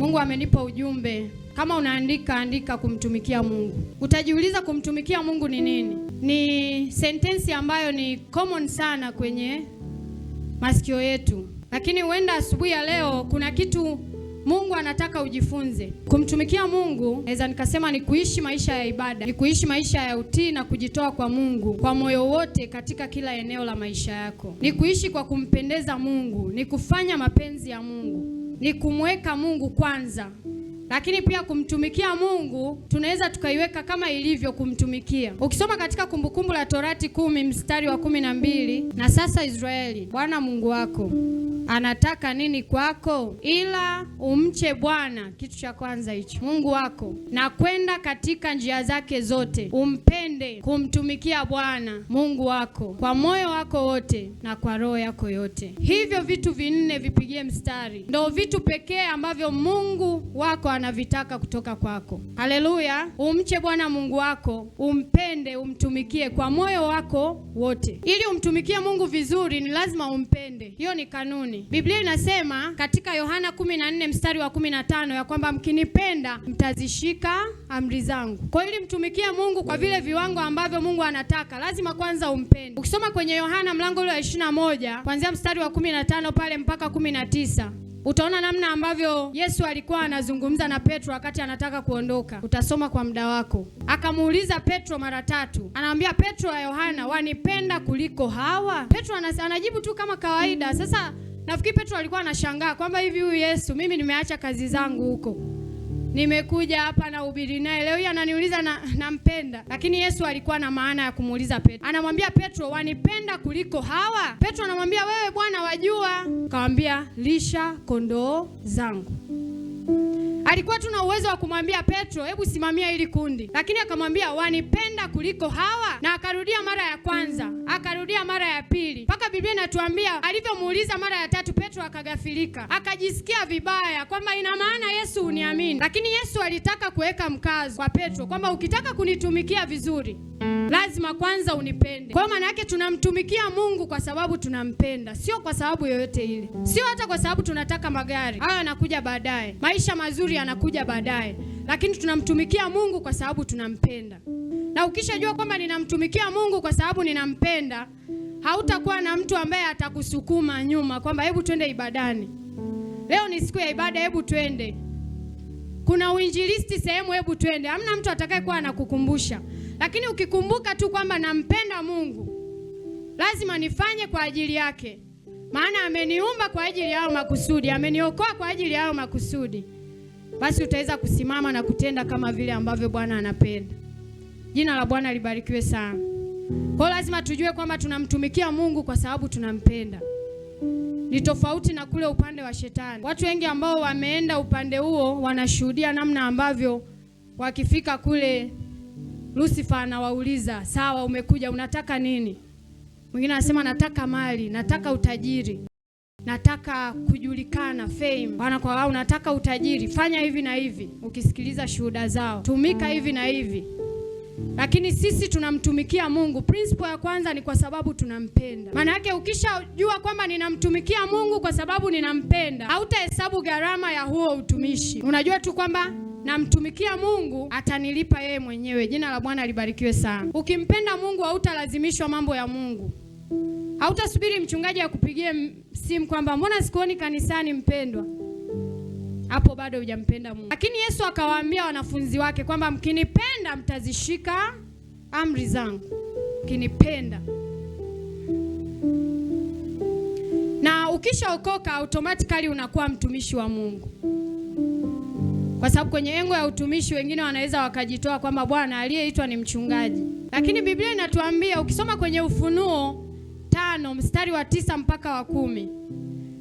Mungu amenipa ujumbe. Kama unaandika andika kumtumikia Mungu. Utajiuliza kumtumikia Mungu ni nini? Ni sentensi ambayo ni common sana kwenye masikio yetu, lakini huenda asubuhi ya leo kuna kitu Mungu anataka ujifunze. Kumtumikia Mungu, naweza nikasema ni kuishi maisha ya ibada, ni kuishi maisha ya utii na kujitoa kwa Mungu kwa moyo wote katika kila eneo la maisha yako, ni kuishi kwa kumpendeza Mungu, ni kufanya mapenzi ya Mungu ni kumweka Mungu kwanza lakini pia kumtumikia Mungu tunaweza tukaiweka kama ilivyo kumtumikia. Ukisoma katika Kumbukumbu la Torati kumi mstari wa kumi na mbili na sasa Israeli, Bwana Mungu wako anataka nini kwako ila umche Bwana. Kitu cha kwanza hicho, Mungu wako na kwenda katika njia zake zote, umpende, kumtumikia Bwana Mungu wako kwa moyo wako wote na kwa roho yako yote. Hivyo vitu vinne vipigie mstari, ndo vitu pekee ambavyo Mungu wako anavitaka kutoka kwako. Haleluya! Umche Bwana Mungu wako, umpende, umtumikie kwa moyo wako wote. Ili umtumikie Mungu vizuri, ni lazima umpende. Hiyo ni kanuni. Biblia inasema katika Yohana 14 mstari wa 15 ya kwamba mkinipenda, mtazishika amri zangu. Kwa ili mtumikie Mungu kwa vile viwango ambavyo Mungu anataka, lazima kwanza umpende. Ukisoma kwenye Yohana mlango ule wa 21 kuanzia mstari wa 15 pale mpaka 19 Utaona namna ambavyo Yesu alikuwa anazungumza na Petro wakati anataka kuondoka. Utasoma kwa muda wako. Akamuuliza Petro mara tatu, anaambia Petro ya Yohana, wanipenda kuliko hawa? Petro anajibu tu kama kawaida. Sasa nafikiri Petro alikuwa anashangaa kwamba hivi huyu Yesu, mimi nimeacha kazi zangu huko nimekuja hapa na ubiri naye leo hii ananiuliza na, nampenda, lakini Yesu alikuwa na maana ya kumuuliza Petro. Anamwambia Petro, wanipenda kuliko hawa? Petro anamwambia wewe Bwana wajua. Akamwambia lisha kondoo zangu. Alikuwa tuna uwezo wa kumwambia Petro, hebu simamia hili kundi, lakini akamwambia wanipenda kuliko hawa, na akarudia mara ya kwanza, akarudia mara ya pili, mpaka Biblia inatuambia alivyomuuliza mara ya tatu, Petro akagafilika, akajisikia vibaya kwamba ina maana Yesu uniamini. Lakini Yesu alitaka kuweka mkazo kwa Petro kwamba ukitaka kunitumikia vizuri lazima kwanza unipende. Kwa maana yake tunamtumikia Mungu kwa sababu tunampenda, sio kwa sababu yoyote ile, sio hata kwa sababu tunataka magari. Hayo yanakuja baadaye, maisha mazuri yanakuja baadaye, lakini tunamtumikia Mungu kwa sababu tunampenda. Na ukishajua kwamba ninamtumikia Mungu kwa sababu ninampenda, hautakuwa na mtu ambaye atakusukuma nyuma kwamba hebu twende ibadani, leo ni siku ya ibada, hebu twende kuna uinjilisti sehemu, hebu twende. Hamna mtu atakayekuwa anakukumbusha lakini ukikumbuka tu kwamba nampenda Mungu, lazima nifanye kwa ajili yake, maana ameniumba kwa ajili yao makusudi, ameniokoa kwa ajili yao makusudi, basi utaweza kusimama na kutenda kama vile ambavyo Bwana anapenda. Jina la Bwana libarikiwe sana. Kwa lazima tujue kwamba tunamtumikia Mungu kwa sababu tunampenda. Ni tofauti na kule upande wa shetani. Watu wengi ambao wameenda upande huo wanashuhudia namna ambavyo wakifika kule Lucifer anawauliza, sawa, umekuja unataka nini? Mwingine anasema nataka mali, nataka utajiri, nataka kujulikana fame. Bwana, kwa wao unataka utajiri, fanya hivi na hivi, ukisikiliza shuhuda zao, tumika hivi na hivi. Lakini sisi tunamtumikia Mungu. Principle ya kwanza ni kwa sababu tunampenda. Maana yake ukishajua kwamba ninamtumikia Mungu kwa sababu ninampenda, hautahesabu gharama ya huo utumishi. Unajua tu kwamba namtumikia Mungu atanilipa yeye mwenyewe. Jina la Bwana libarikiwe sana. Ukimpenda Mungu hautalazimishwa mambo ya Mungu, hautasubiri mchungaji akupigie simu kwamba mbona sikuoni kanisani mpendwa. Hapo bado hujampenda Mungu. Lakini Yesu akawaambia wanafunzi wake kwamba mkinipenda mtazishika amri zangu, mkinipenda na ukishaokoka automatically unakuwa mtumishi wa Mungu kwa sababu kwenye engo ya utumishi wengine wanaweza wakajitoa kwamba bwana aliyeitwa ni mchungaji, lakini Biblia inatuambia ukisoma kwenye Ufunuo tano mstari wa tisa mpaka wa kumi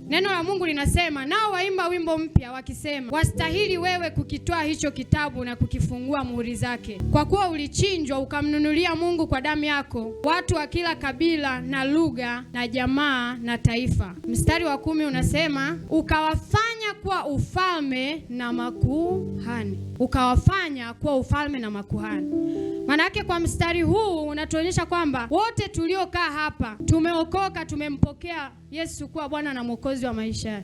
neno la Mungu linasema, nao waimba wimbo mpya wakisema, wastahili wewe kukitoa hicho kitabu na kukifungua muhuri zake, kwa kuwa ulichinjwa ukamnunulia Mungu kwa damu yako watu wa kila kabila na lugha na jamaa na taifa. Mstari wa kumi unasema ukawafanya kuwa ufalme na makuhani, ukawafanya kuwa ufalme na makuhani. Maanake kwa mstari huu unatuonyesha kwamba wote tuliokaa hapa tumeokoka, tumempokea Yesu kuwa Bwana na Mwokozi wa maisha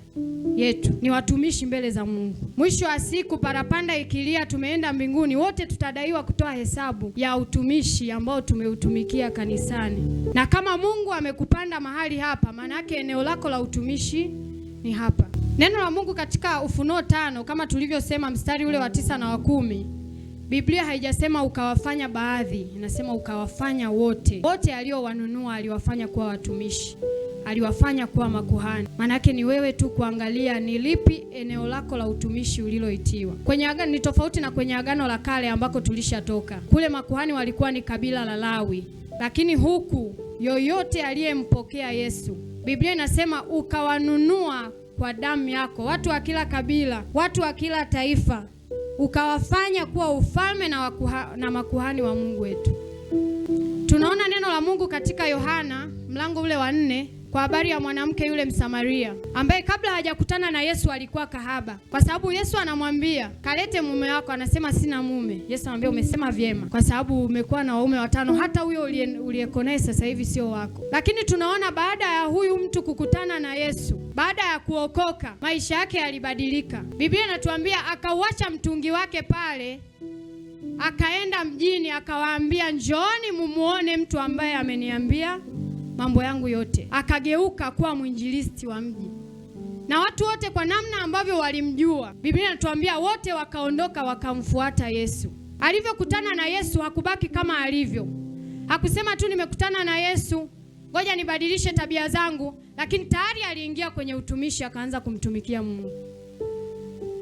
yetu, ni watumishi mbele za Mungu. Mwisho wa siku, parapanda ikilia, tumeenda mbinguni, wote tutadaiwa kutoa hesabu ya utumishi ambao tumeutumikia kanisani. Na kama Mungu amekupanda mahali hapa, maanake eneo lako la utumishi ni hapa. Neno la Mungu katika Ufunuo tano kama tulivyosema mstari ule wa tisa na wa kumi, Biblia haijasema ukawafanya baadhi, inasema ukawafanya wote. Wote aliowanunua aliwafanya kuwa watumishi, aliwafanya kuwa makuhani. Maana ni wewe tu kuangalia ni lipi eneo lako la utumishi uliloitiwa. Kwenye agano ni tofauti na kwenye agano la kale ambako tulishatoka. Kule makuhani walikuwa ni kabila la Lawi, lakini huku yoyote aliyempokea Yesu, Biblia inasema ukawanunua kwa damu yako watu wa kila kabila, watu wa kila taifa, ukawafanya kuwa ufalme na, wakuha, na makuhani wa Mungu wetu. Tunaona neno la Mungu katika Yohana mlango ule wa nne kwa habari ya mwanamke yule Msamaria ambaye kabla hajakutana na Yesu alikuwa kahaba, kwa sababu Yesu anamwambia kalete mume wako, anasema sina mume. Yesu anamwambia umesema vyema, kwa sababu umekuwa na waume watano, hata huyo uliyeko naye sasa hivi sio wako. Lakini tunaona baada ya huyu mtu kukutana na Yesu, baada ya kuokoka, maisha yake yalibadilika. Biblia inatuambia akauacha mtungi wake pale akaenda mjini akawaambia, njooni mumuone mtu ambaye ameniambia mambo yangu yote, akageuka kuwa mwinjilisti wa mji na watu wote kwa namna ambavyo walimjua, Biblia inatuambia wote wakaondoka wakamfuata Yesu. Alivyokutana na Yesu hakubaki kama alivyo. Hakusema tu nimekutana na Yesu, ngoja nibadilishe tabia zangu, lakini tayari aliingia kwenye utumishi, akaanza kumtumikia Mungu.